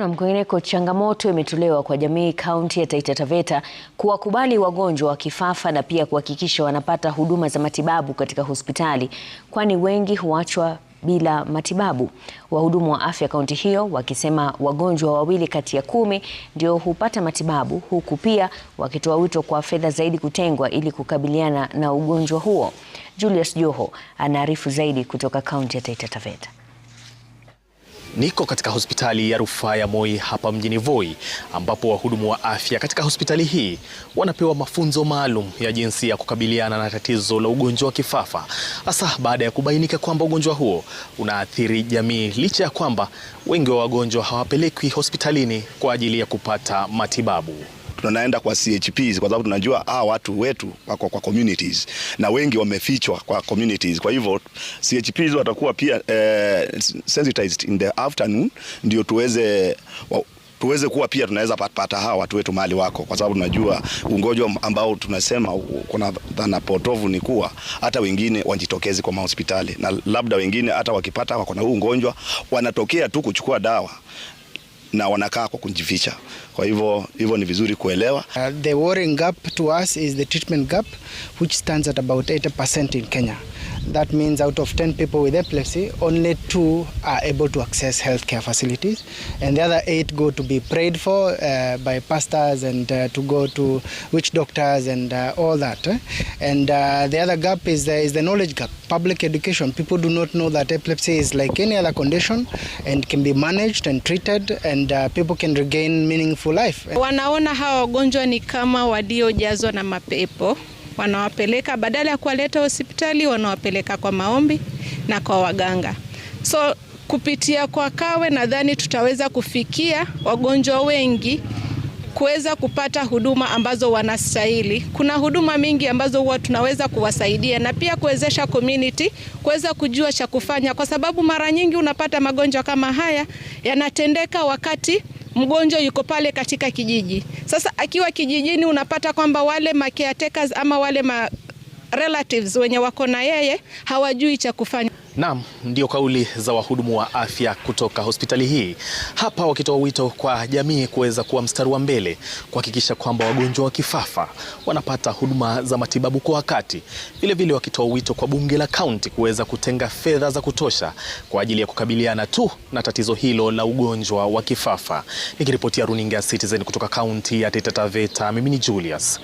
Na kwingineko, changamoto imetolewa kwa jamii kaunti ya Taita Taveta kuwakubali wagonjwa wa kifafa na pia kuhakikisha wanapata huduma za matibabu katika hospitali, kwani wengi huachwa bila matibabu. Wahudumu wa afya kaunti hiyo wakisema wagonjwa wawili kati ya kumi ndio hupata matibabu, huku pia wakitoa wito kwa fedha zaidi kutengwa ili kukabiliana na ugonjwa huo. Julius Joho anaarifu zaidi kutoka kaunti ya Taita Taveta. Niko katika hospitali ya rufaa ya Moi hapa mjini Voi ambapo wahudumu wa afya katika hospitali hii wanapewa mafunzo maalum ya jinsi ya kukabiliana na tatizo la ugonjwa wa kifafa, hasa baada ya kubainika kwamba ugonjwa huo unaathiri jamii, licha ya kwamba wengi wa wagonjwa hawapelekwi hospitalini kwa ajili ya kupata matibabu tunaenda kwa CHPs kwa sababu tunajua ah, watu wetu wako kwa communities na wengi wamefichwa kwa communities. Kwa hivyo CHPs watakuwa pia eh, sensitized in the afternoon ndio tuweze wa, tuweze kuwa pia tunaweza pata hawa watu wetu mahali wako, kwa sababu tunajua ungojo ambao tunasema kuna dhana potovu ni kuwa hata wengine wajitokezi kwa mahospitali, na labda wengine hata wakipata wako na huu ugonjwa wanatokea tu kuchukua dawa na wanakaa kwa kujificha. Kwa hivyo hivyo ni vizuri kuelewa. Uh, the worrying gap to us is the treatment gap which stands at about 80% in Kenya. That means out of 10 people with epilepsy, only two are able to access healthcare facilities, and the other eight go to be prayed for uh, by pastors and uh, to go to witch doctors and uh, all that. Eh? And uh, the other gap is, the, is the knowledge gap, public education. People do not know that epilepsy is like any other condition and can be managed and treated and uh, people can regain meaningful life. Wanaona hawa wagonjwa ni kama waliojazwa na mapepo wanawapeleka badala ya kuwaleta hospitali, wanawapeleka kwa maombi na kwa waganga. So kupitia kwa Kawe nadhani tutaweza kufikia wagonjwa wengi kuweza kupata huduma ambazo wanastahili. Kuna huduma mingi ambazo huwa tunaweza kuwasaidia na pia kuwezesha community kuweza kujua cha kufanya, kwa sababu mara nyingi unapata magonjwa kama haya yanatendeka wakati mgonjwa yuko pale katika kijiji. Sasa akiwa kijijini, unapata kwamba wale ma caretakers ama wale ma relatives wenye wako na yeye hawajui cha kufanya. Naam, ndio kauli za wahudumu wa afya kutoka hospitali hii hapa, wakitoa wito kwa jamii kuweza kuwa mstari wa mbele kuhakikisha kwamba wagonjwa wa kifafa wanapata huduma za matibabu kwa wakati, vilevile wakitoa wito kwa bunge la kaunti kuweza kutenga fedha za kutosha kwa ajili ya kukabiliana tu na tatizo hilo la ugonjwa wa kifafa. Nikiripotia runinga ya Citizen kutoka kaunti ya Taita Taveta, mimi ni Julius